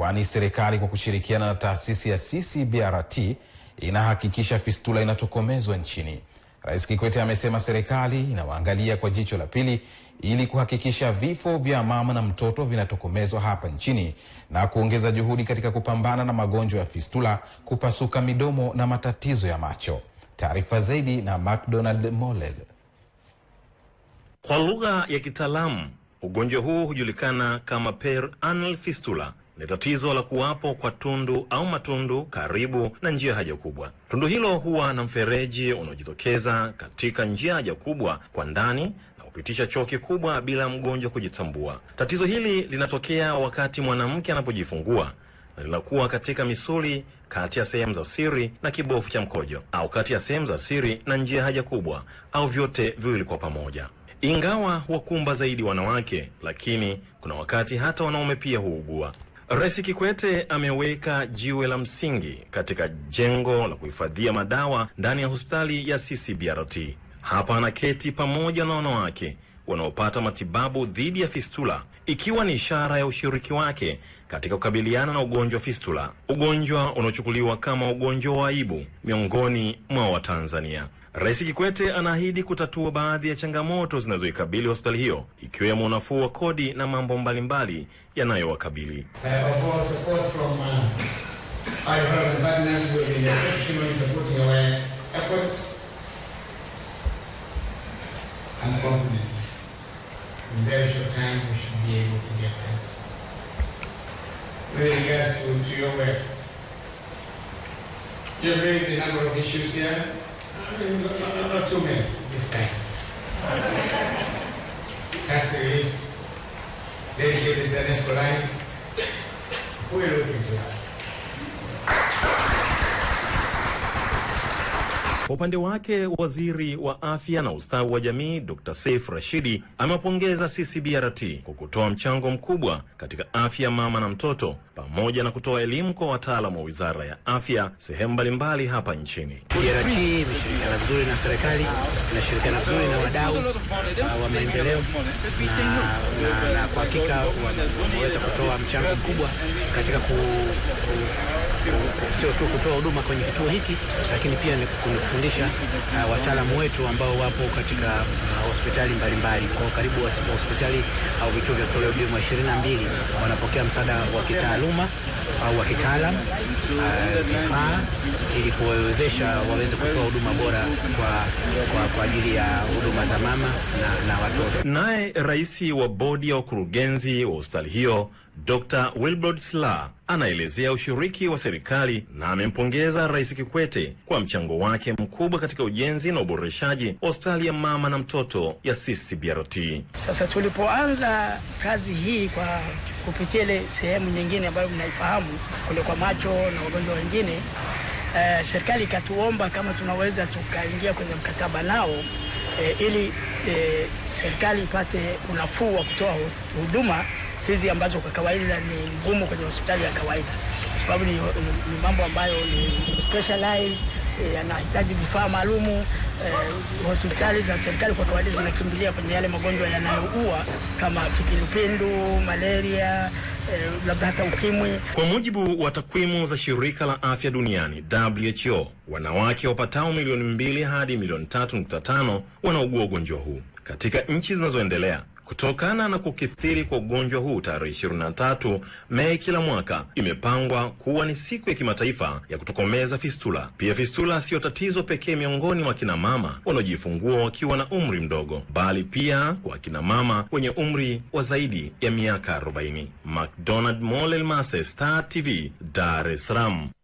kwani serikali kwa kushirikiana na taasisi ya CCBRT inahakikisha fistula inatokomezwa nchini. Rais Kikwete amesema serikali inawaangalia kwa jicho la pili ili kuhakikisha vifo vya mama na mtoto vinatokomezwa hapa nchini na kuongeza juhudi katika kupambana na magonjwa ya fistula, kupasuka midomo na matatizo ya macho. Taarifa zaidi na McDonald Molel. Kwa lugha ya kitaalamu, ugonjwa huu hujulikana kama per anal fistula ni tatizo la kuwapo kwa tundu au matundu karibu na njia haja kubwa. Tundu hilo huwa na mfereji unaojitokeza katika njia haja kubwa kwa ndani na kupitisha choo kikubwa bila mgonjwa kujitambua. Tatizo hili linatokea wakati mwanamke anapojifungua na linakuwa katika misuli kati ya sehemu za siri na kibofu cha mkojo au kati ya sehemu za siri na njia haja kubwa au vyote viwili kwa pamoja. Ingawa huwakumba zaidi wanawake, lakini kuna wakati hata wanaume pia huugua. Rais Kikwete ameweka jiwe la msingi katika jengo la kuhifadhia madawa ndani ya hospitali ya CCBRT. Hapa anaketi pamoja na wanawake wanaopata matibabu dhidi ya fistula, ikiwa ni ishara ya ushiriki wake katika kukabiliana na ugonjwa wa fistula, ugonjwa unaochukuliwa kama ugonjwa wa aibu miongoni mwa Watanzania. Rais Kikwete anaahidi kutatua baadhi ya changamoto zinazoikabili hospitali hiyo ikiwemo unafuu wa kodi na mambo mbalimbali yanayowakabili. Uh, not too this time. Tax relief, Dennis Colline. Who are looking Kwa upande wake, waziri wa afya na ustawi wa jamii Dr. Saif Rashidi amewapongeza CCBRT kwa kutoa mchango mkubwa katika afya mama na mtoto pamoja na kutoa elimu kwa wataalamu wa wizara ya afya sehemu mbalimbali hapa nchini. CCBRT imeshirikiana vizuri na serikali, inashirikiana vizuri na wadau uh, wa maendeleo na, na kwa hakika wameweza kutoa mchango mkubwa katika ku, ku, ku, sio tu kutoa huduma kwenye kituo hiki lakini pia ni kuwafundisha uh, wataalamu wetu ambao wapo katika uh, hospitali mbalimbali kwa karibu hospitali au uh, vituo vya kutolea huduma ishirini na mbili wanapokea msaada wa kitaaluma au uh, wa kitaalam uh, vifaa uh, ili kuwawezesha waweze kutoa huduma bora kwa, kwa, kwa ajili ya huduma za mama na, na watoto. Naye rais wa bodi ya wakurugenzi wa hospitali hiyo Dr. Wilbrod Sla anaelezea ushiriki wa serikali na amempongeza Rais Kikwete kwa mchango wake mkubwa mkubwa katika ujenzi na uboreshaji wa hospitali ya mama na mtoto ya CCBRT. Sasa tulipoanza kazi hii kwa kupitia ile sehemu nyingine ambayo mnaifahamu kule kwa macho na wagonjwa wengine, eh, serikali ikatuomba kama tunaweza tukaingia kwenye mkataba nao eh, ili eh, serikali ipate unafuu wa kutoa huduma hizi ambazo kwa kawaida ni ngumu kwenye hospitali ya kawaida, kwa sababu ni, ni, ni mambo ambayo ni specialized Eh, yanahitaji vifaa maalumu. Eh, hospitali za serikali kwa kawaida zinakimbilia kwenye yale magonjwa yanayoua kama kipindupindu, malaria, eh, labda hata ukimwi. Kwa mujibu wa takwimu za shirika la afya duniani WHO, wanawake wapatao milioni mbili hadi milioni tatu nukta tano wanaugua ugonjwa huu katika nchi zinazoendelea Kutokana na kukithiri kwa ugonjwa huu, tarehe 23 Mei kila mwaka imepangwa kuwa ni siku ya kimataifa ya kutokomeza fistula. Pia fistula siyo tatizo pekee miongoni mwa kina mama wanaojifungua wakiwa na umri mdogo, bali pia kwa kina mama wenye umri wa zaidi ya miaka 40. mcdonald Molel Mase, Star TV, Dar es Salaam.